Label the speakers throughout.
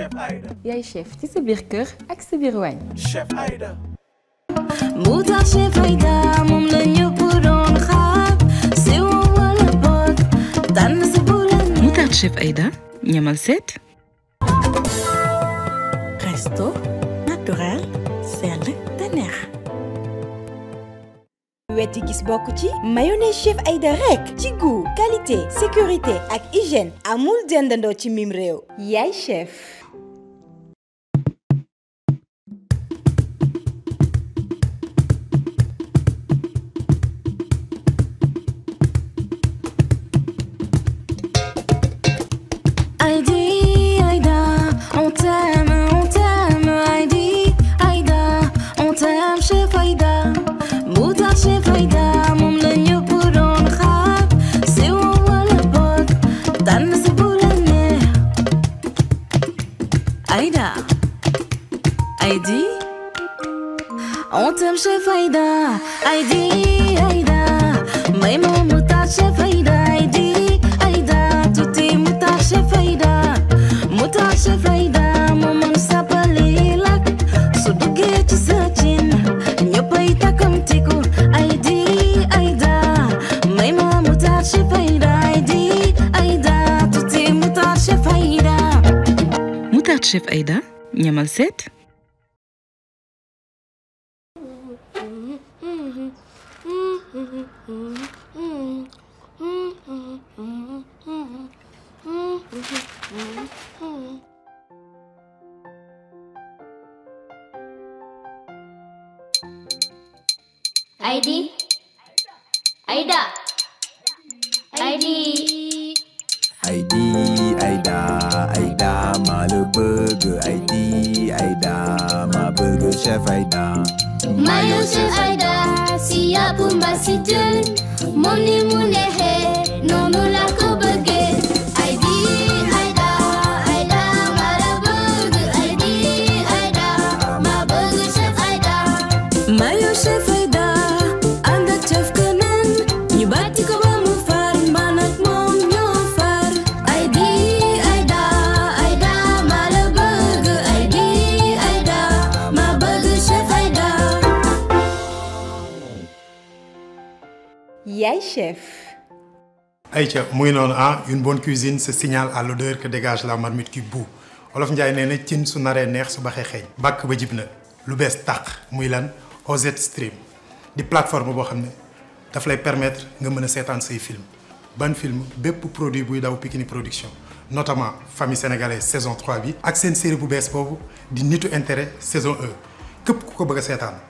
Speaker 1: Chef Aïda. yaay chef ci sa kër ak sa biir Chef Aïda. moom la ñëpp doon
Speaker 2: si woon la neex. mbuutaal Chef Aïda ñamal gis bokk ci mayonnaise chef Aïda rek ci goût qualité sécurité ak hygiène amul dendandoo ci mim réew yaay chef ce fai da Ai di, ai da Mai m-am mutat ce fai da Ai di, ai da Tu te muta ce fai da Muta ce fai da Mă mă sa pe lilac Să duge ce să cin Eu păi tacăm ticu Ai di, ai da Mai m-am mutat ce fai da Ai di, ai da Tu te muta ce fai da Mutat ce fai da? Ne-am alzat?
Speaker 3: ID Aida ID
Speaker 4: ID Aida Aida malu le burger ID Aida ma burger chef Aida
Speaker 2: Mayo chef Aida siapa ya masih jeun moni munehe nono lako chef.
Speaker 5: Aïcha muy ah, une bonne cuisine se signale à l'odeur que dégage la marmite qui bout Olof Ndiaye nee na cin su naré neex su baxee xéñ bak ba jib lu bess tak muy lan OZ Stream di plateforme bo xamné daf lay permettre nga mën sétane say film ban film bép produit buy daw Pikini Production notamment famille sénégalaise saison 3 bi. ak sen série bu bess boobu di nitu intérêt saison 1 kep ku ko bëgg sétane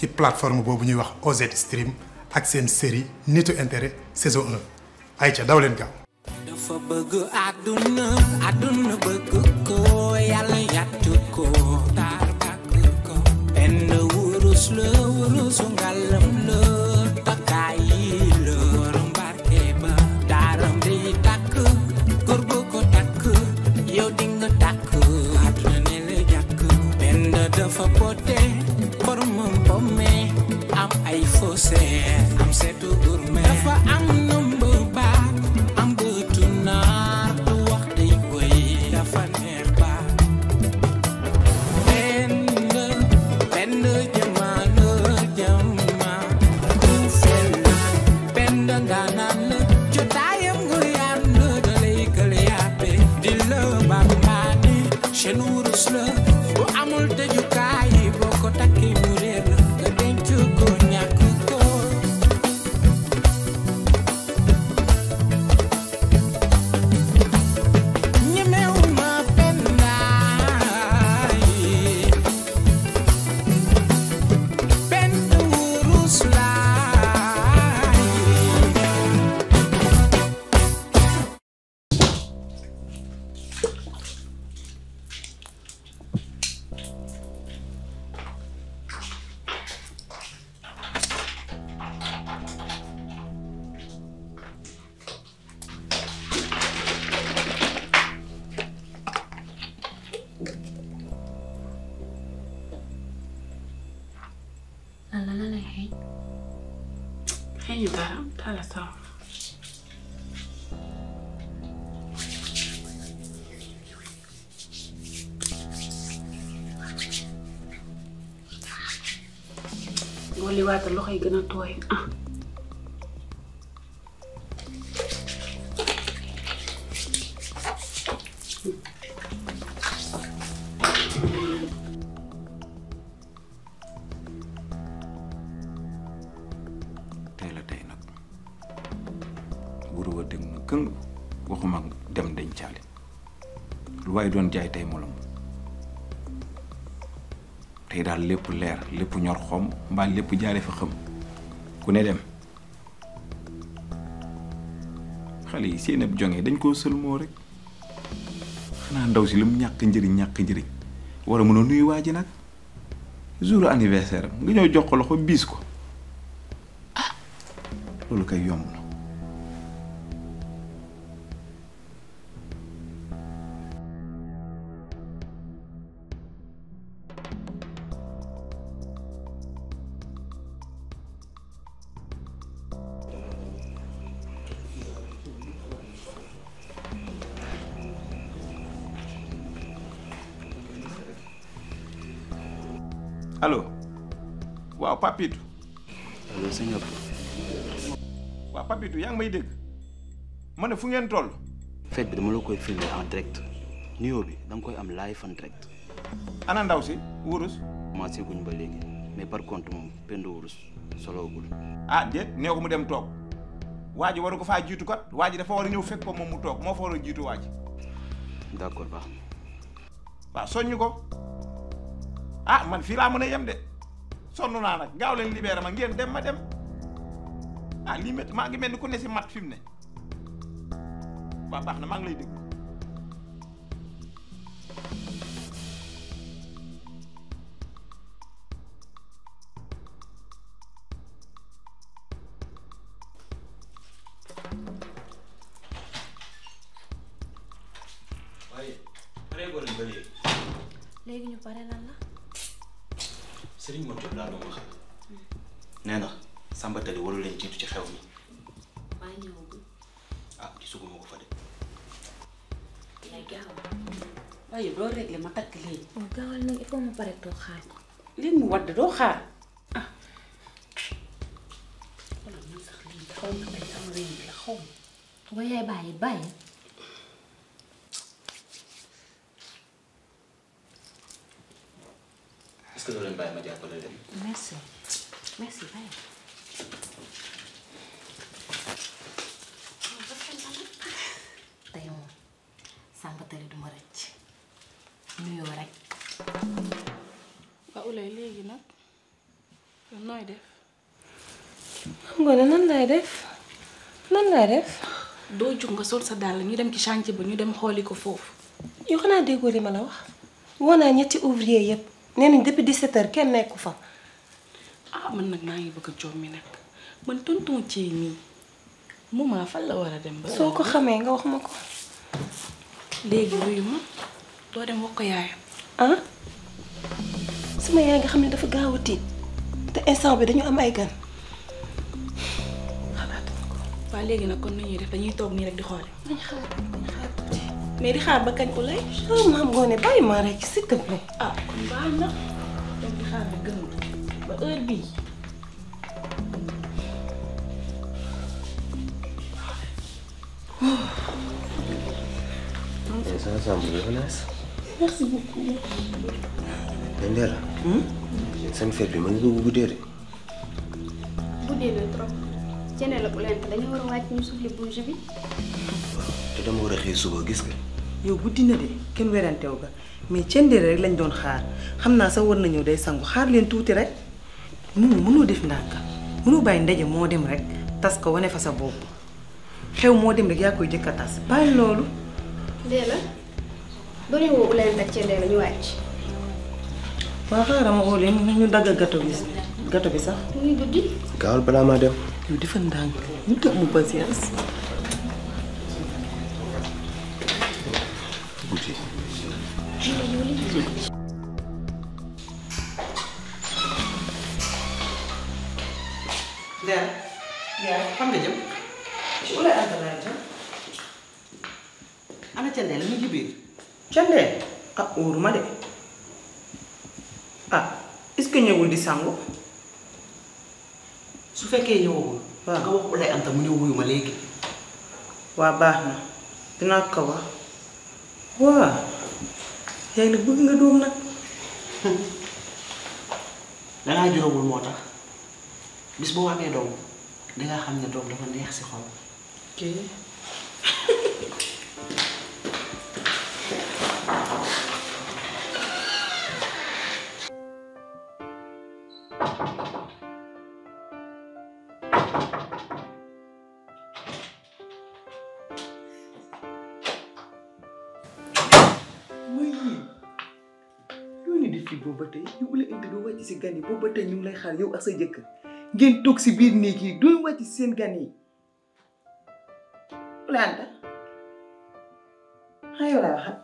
Speaker 5: ci plateforme boobu ñuy wax OZ Stream ak seen série nitu intérêt saison 1 ay ca daw leen gaaw.
Speaker 3: dafa bëgg àdduna àdduna bëgg ko yàlla yàtt ko taar tàkk ko benn wurus la wurusu ngàllam la.
Speaker 1: 그려둬야 아. À.
Speaker 4: tey la tey nag buru wa dem na këng waxuma dem dencaale lu waaye doon jaay tey molom tey daal lépp leer lépp ñor xomb mbaa lépp jaaree fa xam ku ne dem xale yi seen ab jonge dañ koo sëlmoo rek xanaa ndaw si lu ñàkk njëriñ ñàkk njëriñ war a mën a nuyu waa ji nag jour anniversaire am nga ñëw jox ko loxo biis ko ah loolu koy yomb Allô. waaw papitu Allô, sëñ Abdou waaw papitu yaa may dégg Mané fu ngén toll Fait bi dama la koy filmer en direct Nuyo bi dang koy am live en direct ana ndaw si wurus ci guñ ba légui. mais par contre moom pend wurus gul. ah dé, néwuma dem tok. Waji waru ko fa jitu kat waji dafa war ñew fekk ko mom mu tok, mo fa war jitu waji. D'accord ba. Ba soñu ko ah man fi la mën yam de sonu na nak gaaw leen libéré ma ngeen dem ma dem ah li met ma ngi melni ku ne si mat fimne mu ne na ma ngi lay dégg.
Speaker 1: léegi ñu lan la.
Speaker 4: Serigne Mor Diop laa doon waxal nee na Samba Tali leen jiitu ci xew mi.
Speaker 1: maa ñëwagul. ah doo réglé ma takk léegi. waaw oh, gaawal nag il faut ma pare doo xaar ko.
Speaker 4: li mu wadd doo xaar ah.
Speaker 1: wala man sax lii xaw ma ay am réew la xaw ma. ba yaay bàyyi bàyyi.
Speaker 4: que doo leen bàyyi ma jàppale leen.
Speaker 1: merci merci bàyyi.
Speaker 2: tey moom Samba Tali du ma rëcc nuyoo rek.
Speaker 1: waaw Oulaye léegi nag nooy def. xam nga ne nan laay def nan laay def. doo jug nga sol sa dàll ñu dem ci chantier ba ñu dem xooli ko foofu. yoo xanaa déggoo li ma la wax woo naa ñetti ouvrier yëpp. nee nañ depuis 17h kenn nekku fa. ah man nag maa ngi bëgg a mi nag man tonton ci nii moment fan la war a dem. ba soo ko xamee nga wax ma ko. léegi wuyu ma doo dem wax ko yaayam. ah sama yaay nga xam ne dafa gaaw a tiit te instant bi dañu am ay gan. xalaat ko waaw léegi nag kon nañuy def dañuy toog nii rek di xoole. mais di xaar ba kañ ku lay. ah maam Ngoné bàyyi ma rek s'il te plaît. ah kon baax na donc di xaar ba gën ba heure bii.
Speaker 4: ça semble relax.
Speaker 1: merci beaucoup.
Speaker 4: mais Ndella. seen fête bi mën nga ko guddee de.
Speaker 1: guddee na trop. jëne la bu lent dañu war a wàcc ñu suuf li bouge bi.
Speaker 4: waaw te dama war a xëy suba gis nga.
Speaker 3: yow guddi na de kenn werantew ga mais cendéere rek lañ doon xaar xam naa sax war na ñëw day sangu xaar leen tuuti rek moom mënoo def ndànk mënoo bàyyi moo dem rek tas ko wane fa sa bopp moo dem rek jëkk a tas bàyyi loolu.
Speaker 1: dee la bëri woo bu
Speaker 3: gato bi sax. muy
Speaker 4: gaawal balaa maa dem. yow defal ndànk
Speaker 3: ñu toog mu patience. Ja. fan nga jëm ana candeel mi ci biir candeel ah wóoruma de ah est ce que ñëwul di sangu su fekkee ñëwagul nga wax ulay anta mu ne wuyuma léegi waa baax na dinaa ko wax waa yaay na bëgg nga doom bis boo amee doom danga xam ne doom dafa neex si xol. ba tey ñu ngi lay indi ba wàcc si gan yi boobu ba tey lay xaar yow ak sa jëkkër ngeen toog si biir néeg yi doy wàcc seen gan yi
Speaker 1: laanta xaa yow laa waxal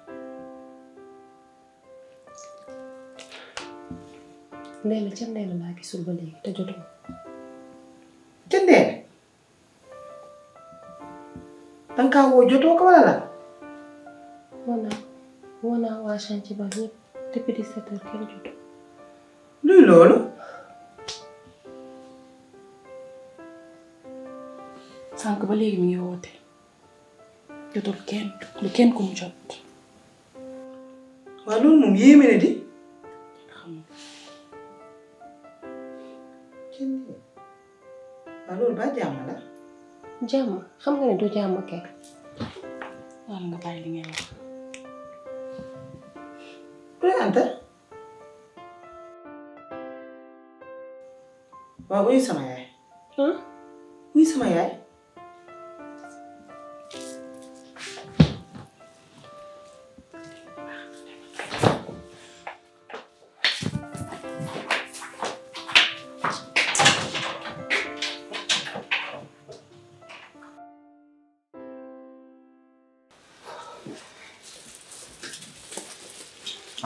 Speaker 1: Ndella ca Ndella laa gisul ba léegi te jotuma ca Ndella danga woo jotoo ko wala la woo naa woo ba ñëpp depuis dix kenn jotu luy loolu sànq ba léegi mi ngi woote jotul kenn lu kenn ku mu jot. loolu moom yéeme na di.
Speaker 3: waaw loolu ba jàmm la.
Speaker 1: jàmm xam nga ne du jàmm kay. waaw nga bàyyi li ngay wax. présenté.
Speaker 3: waaw wuyu sama yaay. wuyu sama yaay.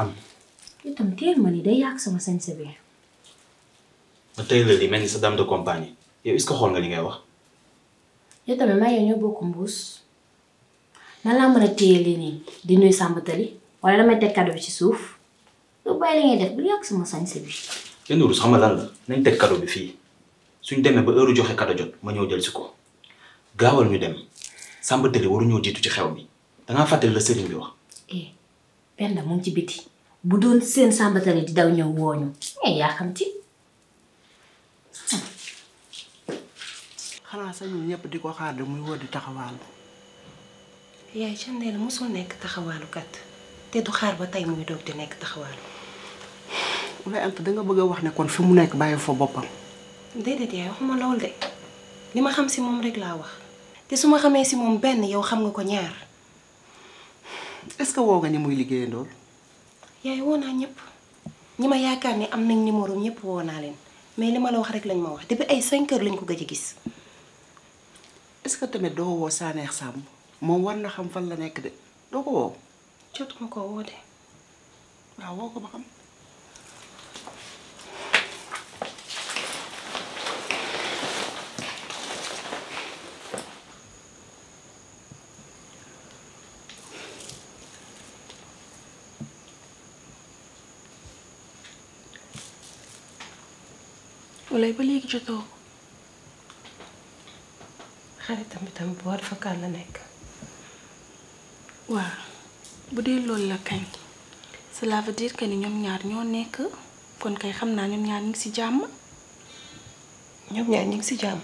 Speaker 4: Am.
Speaker 1: Io mtieri manidai yak sama sense be.
Speaker 4: Matei leli meni sadam do kompani. Yo isko hol ngali ngay wax.
Speaker 1: Yo tamé ma yo ñoo bokku mbuus. Na la mëna téyé li ni di nuy sambatali wala damay tek cadeau ci suuf. Lu bay li ngay def bu yak sama sense bi.
Speaker 4: Yo nuru sama lan la nañ tek cadeau bi fi. Suñ démé ba heure joxé cadeau jot ma ñëw jël ci ko. Gaawal ñu dem. Sambatali uru ñoo jitu ci xew mi. dangaa fàttali la sëriñ bi wax.
Speaker 2: eh Penda ci biti bu doon seen sàmbatari di daw ñëw wooñu eh yaa xam ci.
Speaker 3: xanaa sax ñun ñëpp di ko xaar de muy wóor di taxawaalu.
Speaker 1: yaay Jandeer mosul nekk taxawaalukat te du xaar ba tey muy doog di nekk taxawaalu.
Speaker 3: Oulay Anta danga bëgg a wax ne kon fi mu nekk bàyyi fa boppam.
Speaker 1: déedéet yaay waxuma lool de li ma xam si moom rek laa wax te su ma xamee si moom benn yow xam nga ko ñaar.
Speaker 3: est-ce que woo nga ñi muy liggéeyandool
Speaker 1: yaay woo naa ñëpp ñi ma yaakaar ne am nañ numéro ñëpp woo naa leen mais li ma la wax rek lañ ma wax depuis ay 5 heures lañ ko gëj a gis. est-ce que tamit doo woo Saneex Samb moom war na xam fan la nekk de doo ko woo. jotuma ko woo de waaw woo ko ba xam. lay ba léegi jotoo xaritam bi tamit bu war fakkaat la nekk waaw bu dee loolu la kañ cela veut dire que ni ñoom ñaar ñoo nekk kon kay xam naa ñoom ñaar ñu ngi ci jàmm ñoom ñaar ñu ngi ci jàmm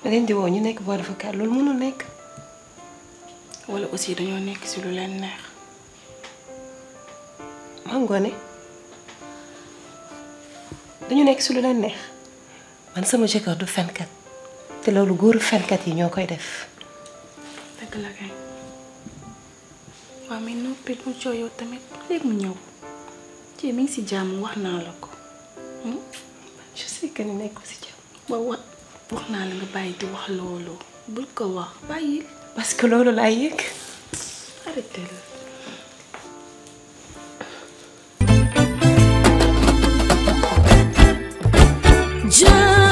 Speaker 1: nga leen di ñu nekk bu war fakkaat loolu mënul nekk wala aussi dañoo nekk ci lu leen neex maa ngoone dañu nekk ci lu leen neex man sama jëkkër du fenkat te loolu góoru fenkat yi ñokoy def dëgg la kay waaw mais noppi mu coo yow tamit léeg mu ñew ci mi ngi si jàmm wax na la ko hmm? je sais que ni nekk si jàmm wa wa wax na la nga bayyi di wax loolu bu ko wax bayyi parce que loolu la yek arrêtez la Just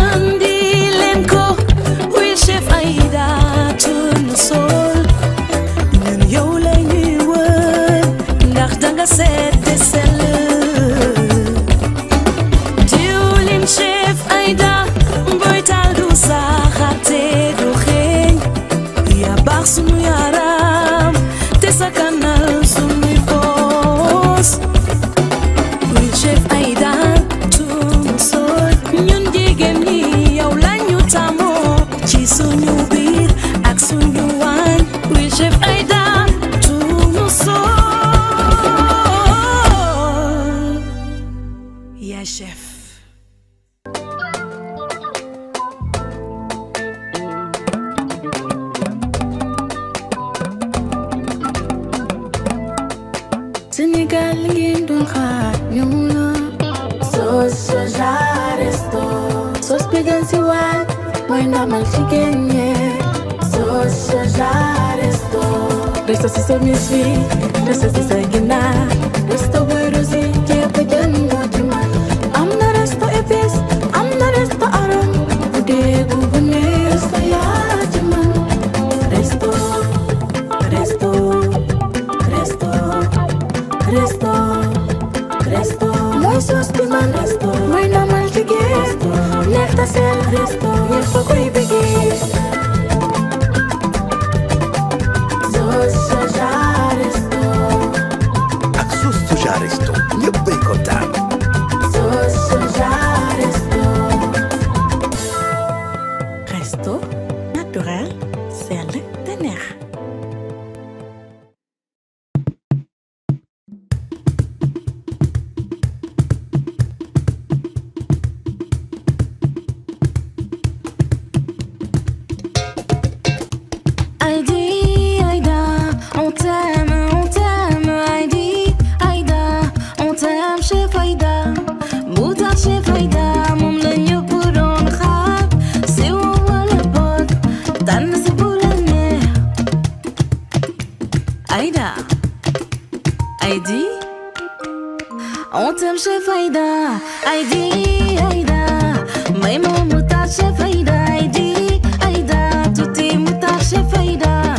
Speaker 2: تعلمش فايدة عادي عيدا ميمو متعش فايدة عادي عيدا توتي متعش فايدة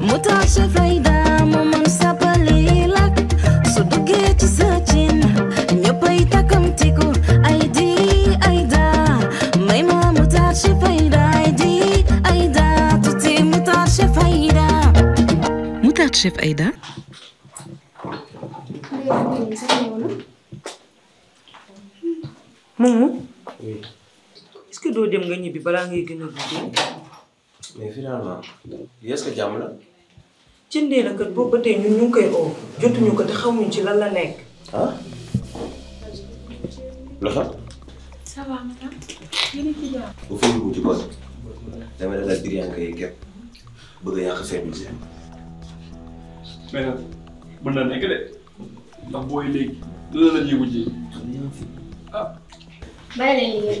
Speaker 2: متعش فايدة ماما نصابة ليلك صدقي تساجن نيوباي تاكم تيكو عادي عيدا ميمو متعش فايدة عادي عيدا توتي متعش فايدة متعش فايدة
Speaker 3: balaa ngay gën a
Speaker 4: guddee. mais finalement est-ce jàmm la.
Speaker 3: cindee la kat boobu ba tey ñun ñu ngi koy oo jotuñu ko te xamuñu ci lan la nekk.
Speaker 4: ah. loxo.
Speaker 1: ça va madame. yéen a ngi ci jàmm. bu fi yëngu ci
Speaker 4: a yàq seen budget.
Speaker 1: mais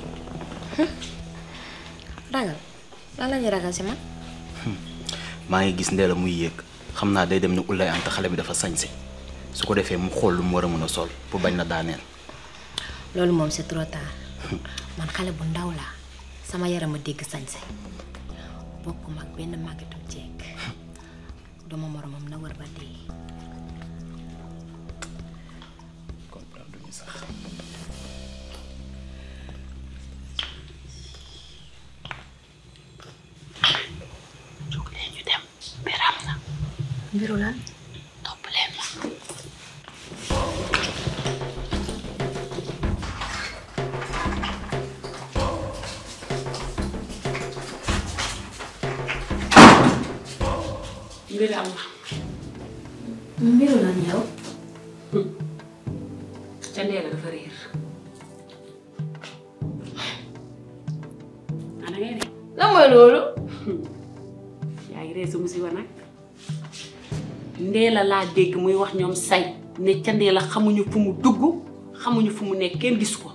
Speaker 1: ragal lan la ñuy ragal si man.
Speaker 4: Hmm. maa ngi gis Ndella muy yéeg xam day dem ni Ulay Anta xale bi dafa sañse su ko mu xool lu mu war a sol pour bañ la daaneel.
Speaker 2: loolu moom c'est trop tard hmm. man xale bu ndaw sama yaram a sañse bokkuma ak benn màggatum jeeg hmm. duma moromam na war ba comprendre sax. virulent problemă.
Speaker 1: Virulent. Virulent eu? Ndéla laa dégg muy wax ñoom say ne ca Ndéla xamuñu fu mu dugg xamuñu fu mu nekk kenn gis ko.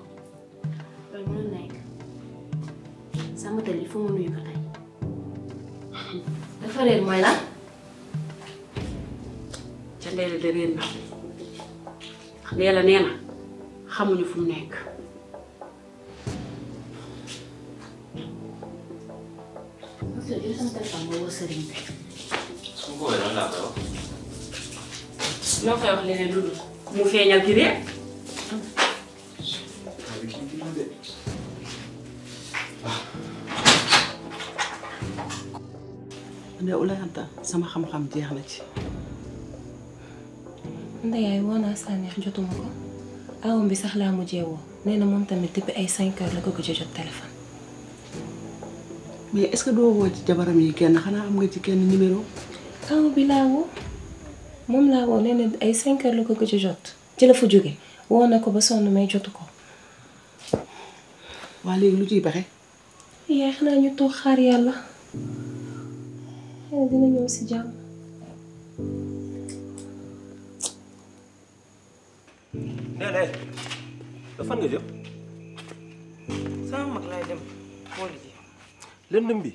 Speaker 1: dafa réer mooy lan. ca Ndéla de réer na Ndéla nee xamuñu fu mu nekk. لا أقول أنت سما خم خم دي أخلتي. أنت يا إيوان أصلاً يحجتو مكو. أهم بيسخلا مجيوة. نينا مونتا متب أي سينكر لكو كجيجو التلفن. مي إسكو دو هو جبرا ميكي خنا عم جيكي أنا نميرو. أهم بلاو. mom la woo nee ay 5 h la ko gëj a jot ci la fu jóge woo ko ba sonn may jotu ko. waa léegi lu ciy pexe. yaay xanaa ñu toog xaar yalla xëy dina ñëw si né
Speaker 4: nee na dafa nga jëm. sama mag lay dem xooli ji. lëndëm bi.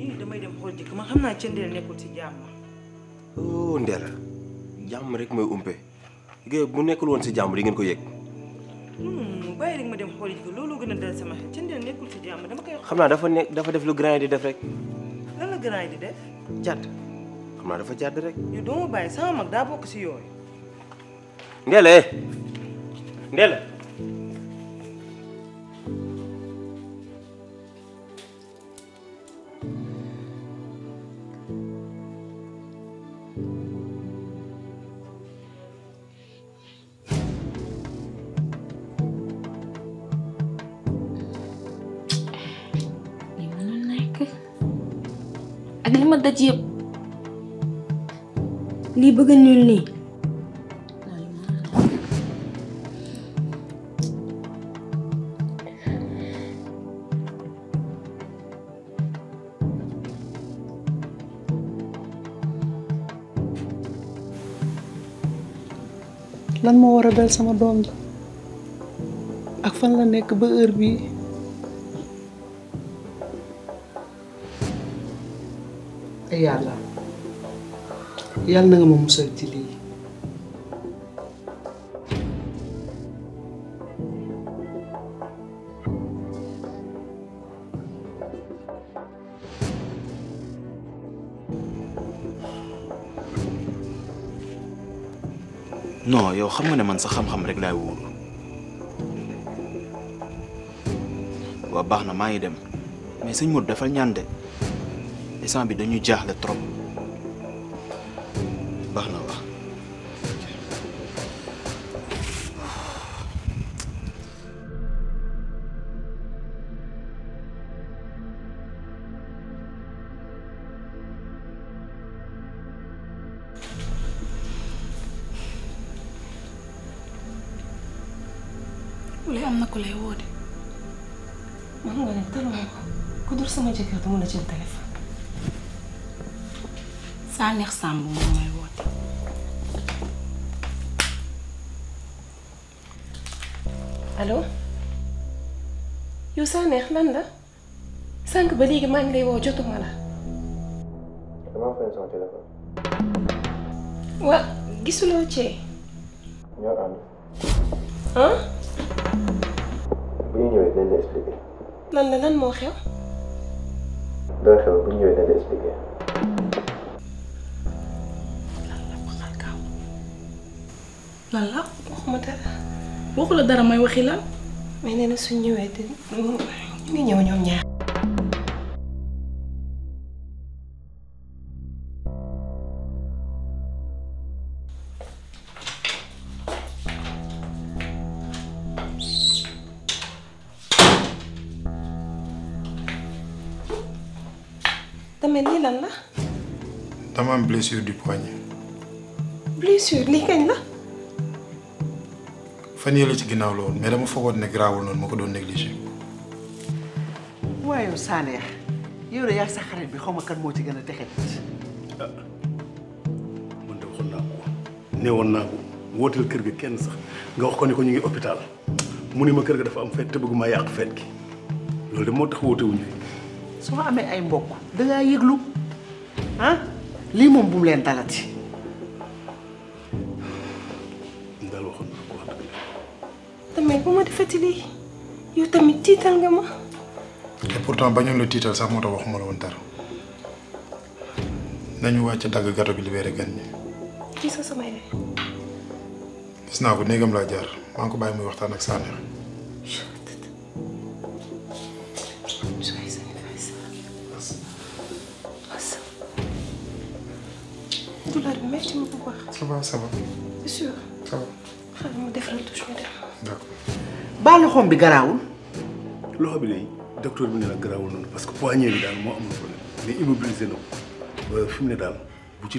Speaker 4: yii damay dem xool jëkk ma
Speaker 3: xamna naa cëndeel nekkul ci jamm
Speaker 4: oh Ndéla jàmm rek mooy umpe géej bu nekkul woon si jàmm di ngeen ko yëg.
Speaker 3: Hmm, bàyyi rek ma dem xool ko loolu gën a dal sama ci Ndéla nekkul si
Speaker 4: xam naa dafa dafa def lu grand di def rek.
Speaker 3: lan la grand di def.
Speaker 4: jàdd. xam naa dafa jàdd rek. yow
Speaker 3: doo ma bàyyi sama mag daa bokk si yooyu.
Speaker 4: Ndéla Ndéla.
Speaker 1: ma daj yépp li bëgg ñul ni lan
Speaker 3: mo wara dal sama doom ak fan la nek ba heure bi te iya, yalla yàlla nga mo musal ci li
Speaker 4: non yow xam nga ne man sa xam-xam rek lay wóoru wa baxna na ngi dem mais sëñ dafa ñaan de instant bi dañu jahat trop baax na wax
Speaker 1: am na ku lay woo de. wax nga ne sama Sanekh Samb moom mooy woote. allo yow Sanekh lan la sànq ba léegi maa ngi lay woo jotuma la.
Speaker 4: damaa fay sama téléphone.
Speaker 1: wa gisuloo cee. ñoo ànd. ah.
Speaker 5: bu ñu ñëwee la expliquer.
Speaker 1: lan la lan xew. lan la waxuma dara waxu dara may waxi lan mais nee na ñëwee te ñu ngi ñëw ñoom ñaar
Speaker 5: blessure du poignet
Speaker 1: blessure lii là.
Speaker 5: fan yële ci ginnaaw loolu mais dama foogoon ne garaawul noonu ma ko doon négligé.
Speaker 3: waaye saane Saneex yow de yaa sa xarit bi xaw ma kan moo ci gën a texe. ah man de
Speaker 5: woon naa ko kër ga kenn sax ko ñu ngi mu ne ma kër gi dafa am fête te bëgguma yàq fête gi loolu de moo tax woote wuñu
Speaker 3: su ma amee ay mbokk da ngaa yëglu ah? lii moom bu mu leen dalati.
Speaker 1: Fatili yow tamit tital nga ma.
Speaker 5: et pourtant bañoon le tital sax moo tax waxuma la won dara nañu wacc dag gato bi libéré gan ñi. ci sa samay de. gis naa ko néegam la jaar ma ko bàyyi muy waxtaan ak Sané. ça va ça va. bien sûr.
Speaker 1: ça va. xaaral ma defaral douche ma dem.
Speaker 5: d'accord. لكن لماذا لا يمكن ان يكون هناك من يمكن ان يكون هناك من يمكن ان يكون هناك من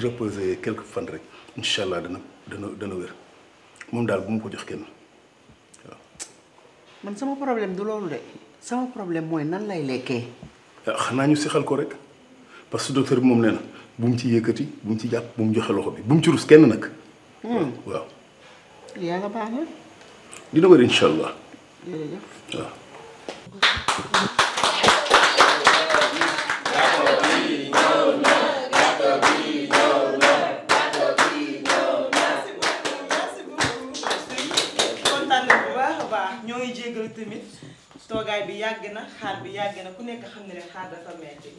Speaker 5: يمكن ان يكون هناك من يمكن ان يكون هناك من ان يكون هناك لكن يمكن ان بمتي يكتي لكن جاب بوم جوخ لوخوبي لكن تي روس كين نك لكن
Speaker 3: يا غبا
Speaker 5: دي نوير ان شاء الله
Speaker 3: jërëjëf waaw. toogaay bi yàgg na xaar bi yàgg na ku nekk xam ne rek xaar dafa metti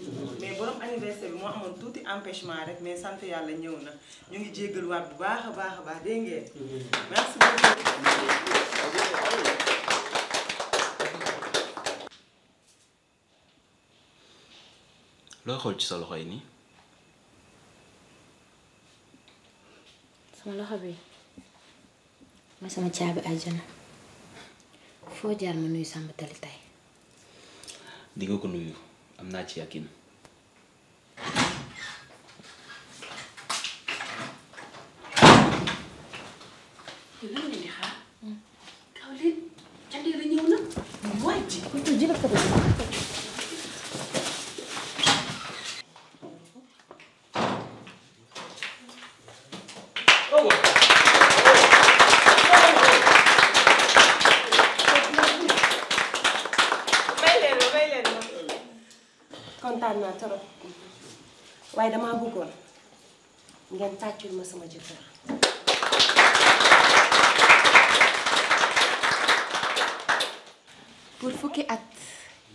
Speaker 3: mais borom anniversaire bi moo amoon tuuti empêchement rek mais sant yàlla ñëw na ñu ngi jéggaluwaat bu baax a baax a baax dégg ngeen merci beaucoup
Speaker 4: lo xool ci sa loxo yi
Speaker 1: sama loxo bi
Speaker 2: mooy sama caabi àjjana foo jaar ma nuyu Samba Tali tey.
Speaker 4: di nga ko nuyu am naa ci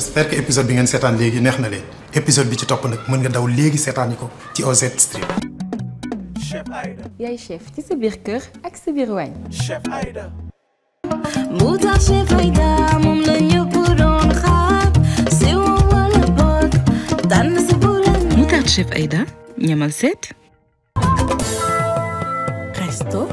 Speaker 5: j'espère que épisode bi ngeen seetaan neex na leen bi ci topp nag mën nga daw léegi seetaani ko ci OZ
Speaker 1: chef ci sa biir kër ak sa biir chef Aïda. mbuutaal chef
Speaker 2: Aïda moom la ñëpp doon xaar si wala boog tànn si bu la. chef Aïda ñamal seet. resto.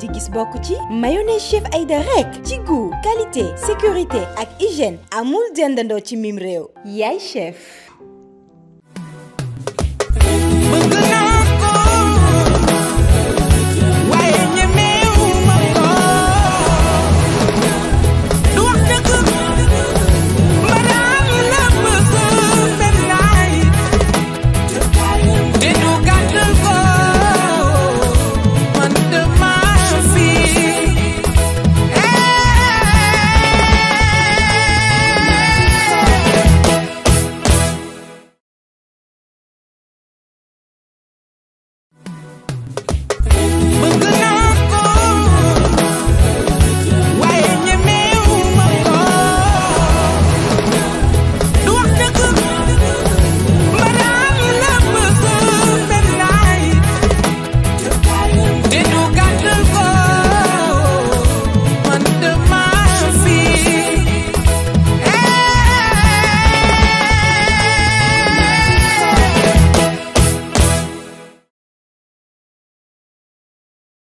Speaker 2: di gis bokk ci mayonnaise chef Aïda rek ci goût qualité sécurité ak hygiène amul dendandoo ci mim réew yaay chef